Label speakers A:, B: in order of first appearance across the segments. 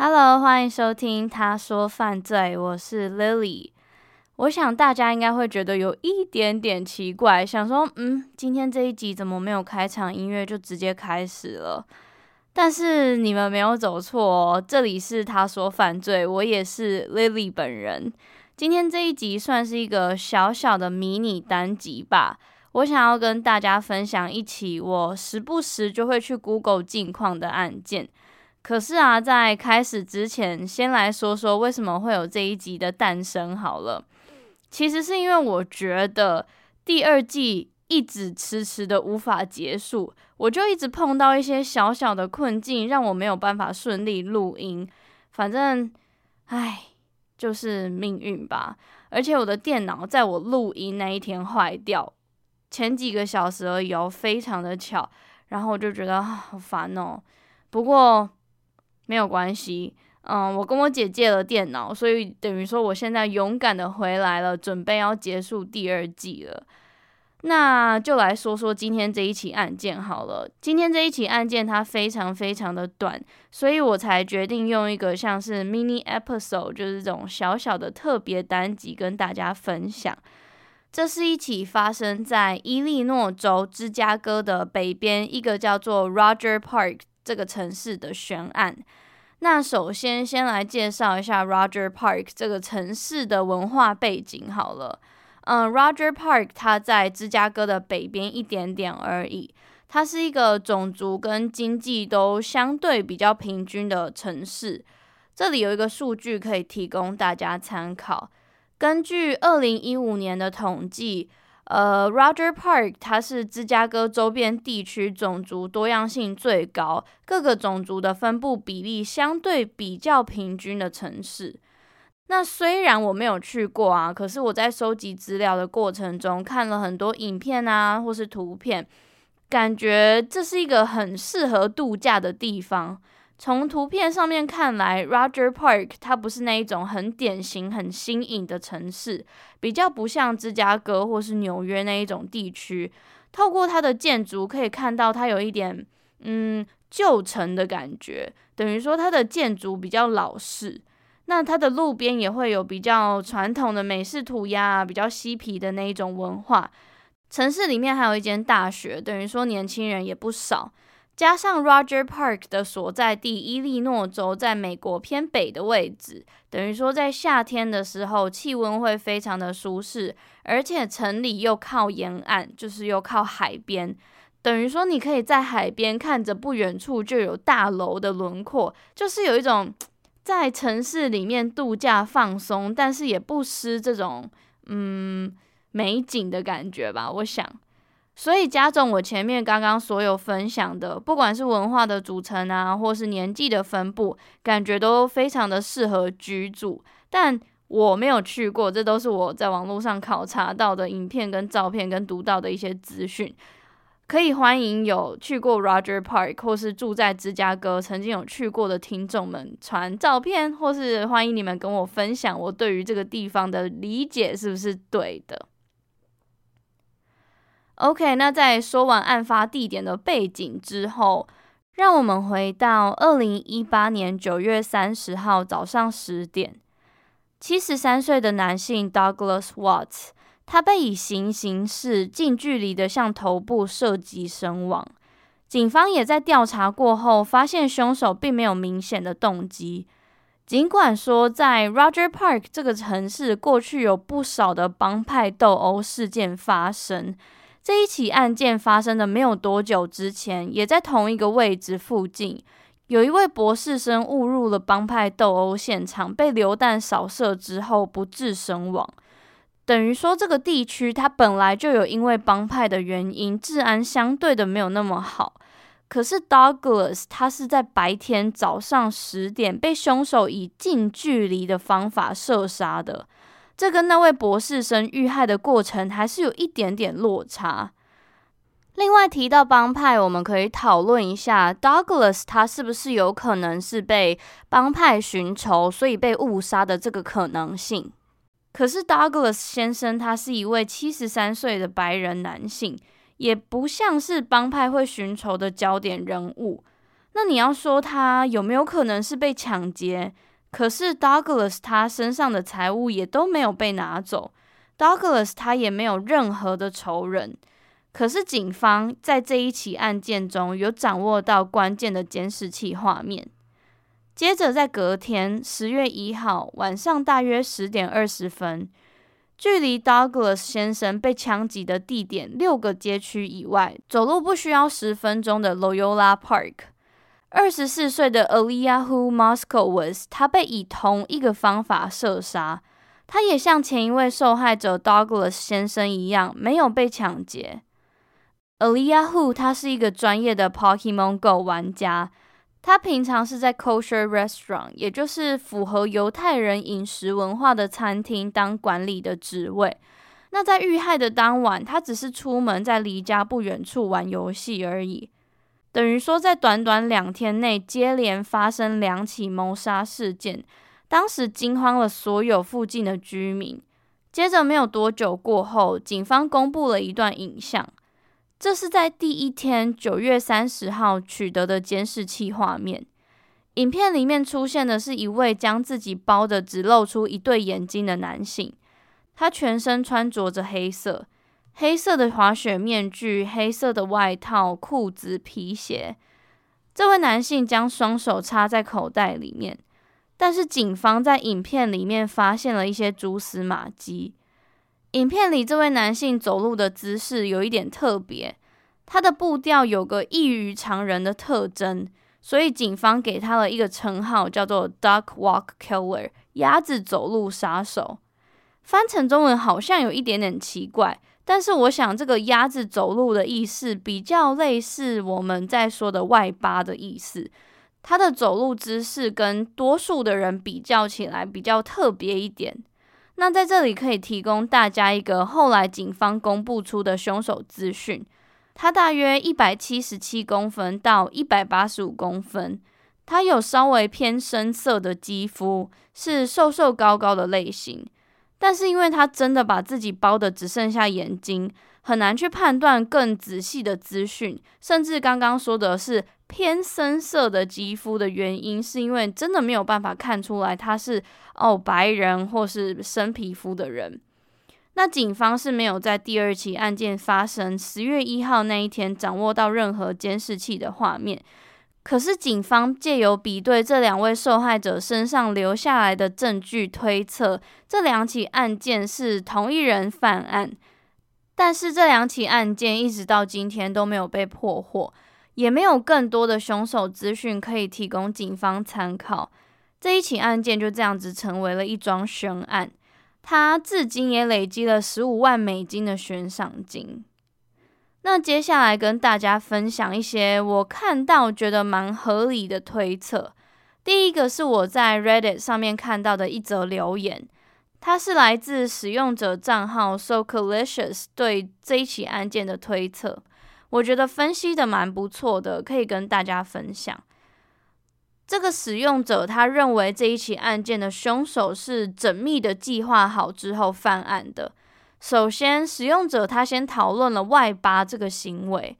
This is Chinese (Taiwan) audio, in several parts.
A: Hello，歡迎收聽《他說犯罪》，我是 Lily。我想大家應該會覺得有一點點奇怪，想說，嗯，今天這一集怎麼沒有開場音樂就直接開始了？但是你們沒有走錯哦，這裡是《他說犯罪》，我也是 Lily 本人。今天這一集算是一個小小的迷你單集吧，我想要跟大家分享一起我時不時就會去 Google 近況的案件。可是啊，在開始之前，先來說說為什麼會有這一集的誕生好了。其實是因為我覺得第二季一直遲遲的無法結束，我就一直碰到一些小小的困境，讓我沒有辦法順利錄音。反正，唉，就是命運吧。而且我的電腦在我錄音那一天壞掉，前幾個小時而已哦，非常的巧。然後我就覺得好煩哦。不過，沒有關係，嗯，我跟我姐借了電腦，所以等於說我現在勇敢的回來了，準備要結束第二季了。那就來說說今天這一起案件好了。今天這一起案件它非常非常的短，所以我才決定用一個像是 mini episode，就是這種小小的特別單集跟大家分享。這是一起發生在伊利諾州芝加哥的北邊，一個叫做 Roger Park。這個城市的懸案。那首先，先來介紹一下 Roger Park 這個城市的文化背景好了。嗯，Roger Park 它在芝加哥的北邊一點點而已。它是一個種族跟經濟都相對比較平均的城市。這裡有一個數據可以提供大家參考。根據二零一五年的統計。呃、uh, Rogers Park 它是芝加哥周邊地區種族多樣性最高，各個種族的分佈比例相對比較平均的城市。那雖然我沒有去過啊，可是我在收集資料的過程中看了很多影片啊，或是圖片，感覺這是一個很適合度假的地方。從圖片上面看來，Roger Park 它不是那一種很典型、很新穎的城市，比較不像芝加哥或是紐約那一種地區。透過它的建築可以看到，它有一點嗯舊城的感覺，等於說它的建築比較老式。那它的路邊也會有比較傳統的美式塗鴉啊，比較嬉皮的那一種文化。城市裡面還有一間大學，等於說年輕人也不少。加上 Roger Park 的所在地伊利諾州在美國偏北的位置，等於說在夏天的時候氣溫會非常的舒適，而且城裡又靠沿岸，就是又靠海邊，等於說你可以在海邊看着不遠處就有大樓的輪廓，就是有一種在城市裡面度假放鬆，但是也不失這種嗯美景的感覺吧，我想。所以，加重我前面剛剛所有分享的，不管是文化的組成啊，或是年紀的分布，感覺都非常的適合居住。但我沒有去過，這都是我在網絡上考察到的影片、跟照片、跟讀到的一些資訊。可以歡迎有去過 Roger Park 或是住在芝加哥曾經有去過的聽眾們傳照片，或是歡迎你們跟我分享我對於這個地方的理解是不是對的。OK，那在說完案發地點的背景之後，讓我們回到二零一八年九月三十號早上十點，七十三歲的男性 Douglas Watts，他被以行刑式近距離的向頭部射擊身亡。警方也在調查過後發現兇手並沒有明顯的動機，儘管說在 Roger Park 這個城市過去有不少的幫派鬥毆事件發生。這一起案件發生的沒有多久之前，也在同一個位置附近，有一位博士生誤入了幫派鬥毆現場，被流彈掃射之後不治身亡。等於說，這個地區他本來就有因為幫派的原因，治安相對的沒有那麼好。可是 Douglas 他是在白天早上十點被兇手以近距離的方法射殺的。這跟那位博士生遇害的過程還是有一點點落差。另外提到幫派，我們可以討論一下 Douglas 他是不是有可能是被幫派尋仇，所以被誤殺的這個可能性。可是 Douglas 先生他是一位73歲的白人男性，也不像是幫派會尋仇的焦點人物。那你要說他有沒有可能是被搶劫？可是 Douglas 他身上的財物也都沒有被拿走，Douglas 他也沒有任何的仇人。可是警方在這一起案件中有掌握到關鍵的監視器畫面。接着在隔天十月一號晚上大約十點二十分，距離 Douglas 先生被槍擊的地點六個街區以外，走路不需要十分鐘的 Loyola Park。二十四歲的 Aliyahu Moskowitz 他被以同一個方法射殺。他也像前一位受害者 Douglas 先生一樣，沒有被搶劫。Aliyahu 他是一個專業的 Pokemon Go 玩家，他平常是在 kosher restaurant，也就是符合猶太人飲食文化的餐廳當管理的職位。那在遇害的當晚，他只是出門在離家不遠處玩遊戲而已。等於說，在短短兩天內接連發生兩起謀殺事件，當時驚慌了所有附近的居民。接着沒有多久過後，警方公布了一段影像，這是在第一天九月三十號取得的監視器畫面。影片裡面出現的是一位將自己包的只露出一對眼睛的男性，他全身穿着着黑色。黑色的滑雪面具、黑色的外套、褲子、皮鞋。這位男性將雙手插在口袋裡面，但是警方在影片裡面發現了一些蛛絲馬跡。影片裡這位男性走路的姿勢有一點特別，他的步調有個異於常人的特徵，所以警方給他了一個稱號，叫做 “Duck Walk Killer”（ 鴨子走路殺手）。翻成中文好像有一點點奇怪。但是我想，這個鴨子走路的意思比較類似我們在說的外八的意思，他的走路姿勢跟多數的人比較起來比較特別一點。那在這裡可以提供大家一個後來警方公布出的兇手資訊，他大約一百七十七公分到一百八十五公分，他有稍微偏深色的肌膚，是瘦瘦高高的類型。但是因為他真的把自己包得只剩下眼睛，很難去判斷更仔細的資訊。甚至剛剛說的是偏深色的肌膚的原因，是因為真的沒有辦法看出來他是哦白人或是深皮膚的人。那警方是沒有在第二起案件發生十月一號那一天掌握到任何監視器的畫面。可是，警方借由比對這兩位受害者身上留下來的證據，推測這兩起案件是同一人犯案。但是，這兩起案件一直到今天都沒有被破獲，也沒有更多的兇手資訊可以提供警方參考。這一起案件就這樣子成為了一樁懸案，它至今也累積了十五萬美金的懸賞金。那接下來跟大家分享一些我看到覺得蠻合理的推測。第一個是我在 Reddit 上面看到的一則留言，它是來自使用者賬號 SoCalicious 對這一起案件的推測。我覺得分析的蠻不錯的，可以跟大家分享。這個使用者他認為這一起案件的兇手是縝密的計劃好之後犯案的。首先，使用者他先討論了外八這個行為，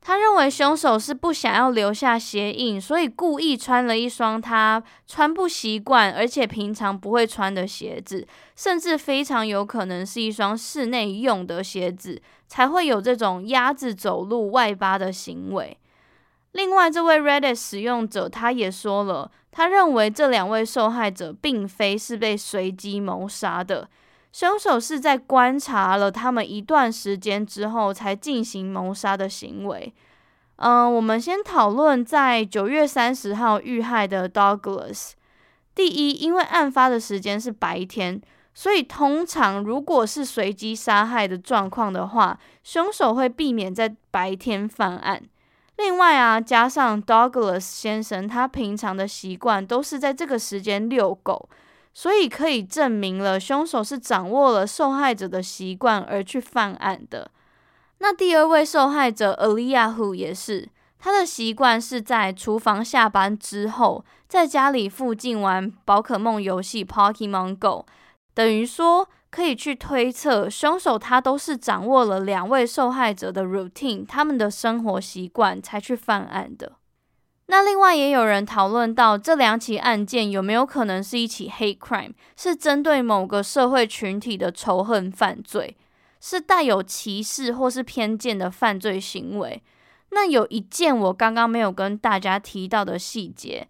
A: 他認為兇手是不想要留下鞋印，所以故意穿了一雙他穿不習慣，而且平常不會穿的鞋子，甚至非常有可能是一雙室內用的鞋子，才會有這種鴨子走路外八的行為。另外，這位 Reddit 使用者他也說了，他認為這兩位受害者並非是被隨機謀殺的。兇手是在觀察了他們一段時間之後才進行謀殺的行為。嗯，我們先討論在九月三十號遇害的 Douglas。第一，因為案發的時間是白天，所以通常如果是隨機殺害的狀況的話，兇手會避免在白天犯案。另外啊，加上 Douglas 先生，他平常的習慣都是在這個時間遛狗。所以可以證明了，兇手是掌握了受害者的習慣而去犯案的。那第二位受害者 Alyah Hu 也是，他的習慣是在廚房下班之後，在家裡附近玩寶可夢遊戲《Pokémon Go》，等於說可以去推測，兇手他都是掌握了兩位受害者的 routine，他們的生活習慣才去犯案的。那另外也有人討論到這兩起案件有沒有可能是一起 hate crime，是針對某個社會群體的仇恨犯罪，是帶有歧視或是偏見的犯罪行為。那有一件我剛剛沒有跟大家提到的細節，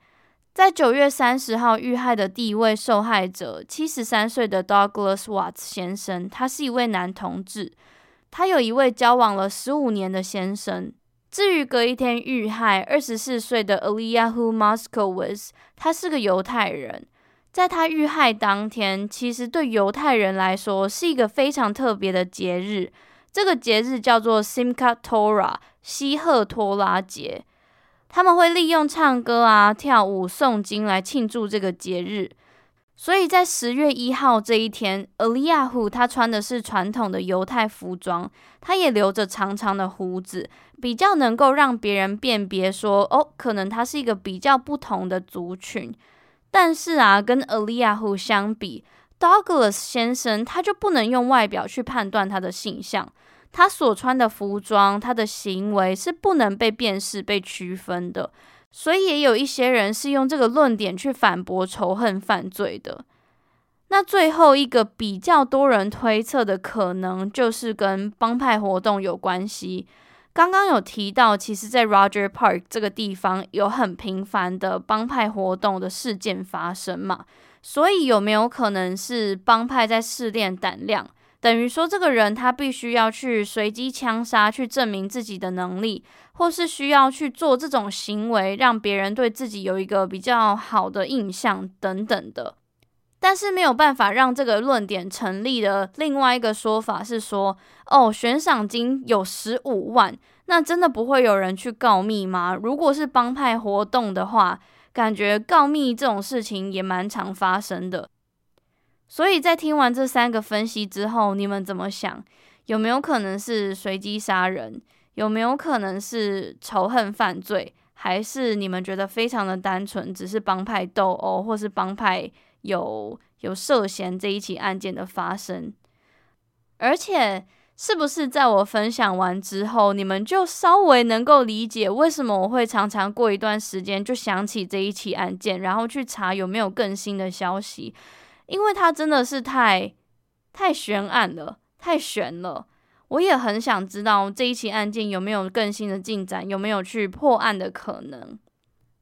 A: 在九月三十號遇害的第一位受害者，七十三歲的 Douglas Watts 先生，他是一位男同志，他有一位交往了十五年的先生。至於隔一天遇害，二十四歲的 Aliyahu Moskowitz，他是個猶太人。在他遇害當天，其實對猶太人來說是一個非常特別的節日。這個節日叫做 Simchat Torah，西赫托拉節。他們會利用唱歌啊、跳舞、誦經來慶祝這個節日。所以在十月一號這一天，Eliahu 他穿的是傳統的猶太服裝，他也留着長長的鬍子，比較能夠讓別人辨別說，哦，可能他是一個比較不同的族群。但是啊，跟 Eliahu 相比，Douglas 先生他就不能用外表去判斷他的性向，他所穿的服裝、他的行為是不能被辨識、被區分的。所以也有一些人是用這個論點去反駁仇恨犯罪的。那最後一個比較多人推測的可能，就是跟幫派活動有關係。剛剛有提到，其實，在 Roger Park 這個地方有很頻繁的幫派活動的事件發生嘛。所以有沒有可能是幫派在試煉膽量？等於說，這個人他必須要去隨機槍殺，去證明自己的能力，或是需要去做這種行為，讓別人對自己有一個比較好的印象等等的。但是沒有辦法讓這個論點成立的另外一個說法是說，哦，懸賞金有十五萬，那真的不會有人去告密嗎？如果是幫派活動的話，感覺告密這種事情也蠻常發生的。所以在聽完這三個分析之後，你們怎麼想？有沒有可能是隨機殺人？有沒有可能是仇恨犯罪？還是你們覺得非常的單純，只是幫派鬥毆，或是幫派有有涉嫌這一起案件的發生？而且，是不是在我分享完之後你們就稍微能夠理解為什麼我會常常過一段時間就想起這一起案件，然後去查有沒有更新的消息？因為他真的是太太懸案了，太懸了。我也很想知道這一起案件有沒有更新的進展，有沒有去破案的可能。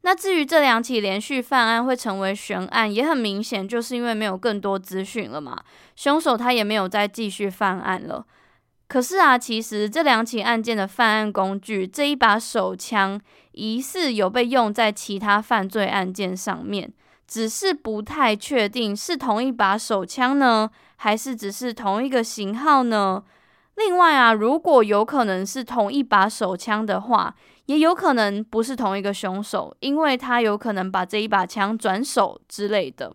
A: 那至於這兩起連續犯案會成為懸案，也很明顯，就是因為沒有更多資訊了嘛。凶手他也沒有再繼續犯案了。可是啊，其實這兩起案件的犯案工具，這一把手槍疑似有被用在其他犯罪案件上面。只是不太確定是同一把手槍呢，還是只是同一個型號呢？另外啊，如果有可能是同一把手槍的話，也有可能不是同一個凶手，因為他有可能把這一把槍轉手之類的。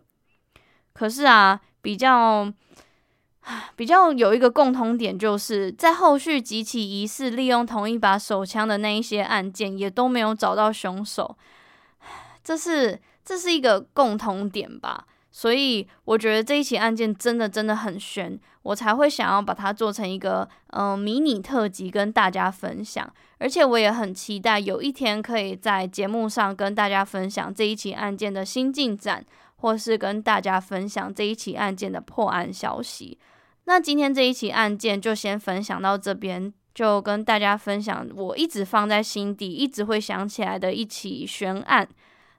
A: 可是啊，比較比較有一個共同點，就是在後續幾起疑似利用同一把手槍的那一些案件，也都沒有找到凶手。這是。這是一個共同點吧，所以我覺得這一起案件真的真的很懸，我才會想要把它做成一個嗯，迷你特輯跟大家分享。而且我也很期待有一天可以在節目上跟大家分享這一起案件的新進展，或是跟大家分享這一起案件的破案消息。那今天這一起案件就先分享到這邊，就跟大家分享我一直放在心底、一直會想起來的一起懸案。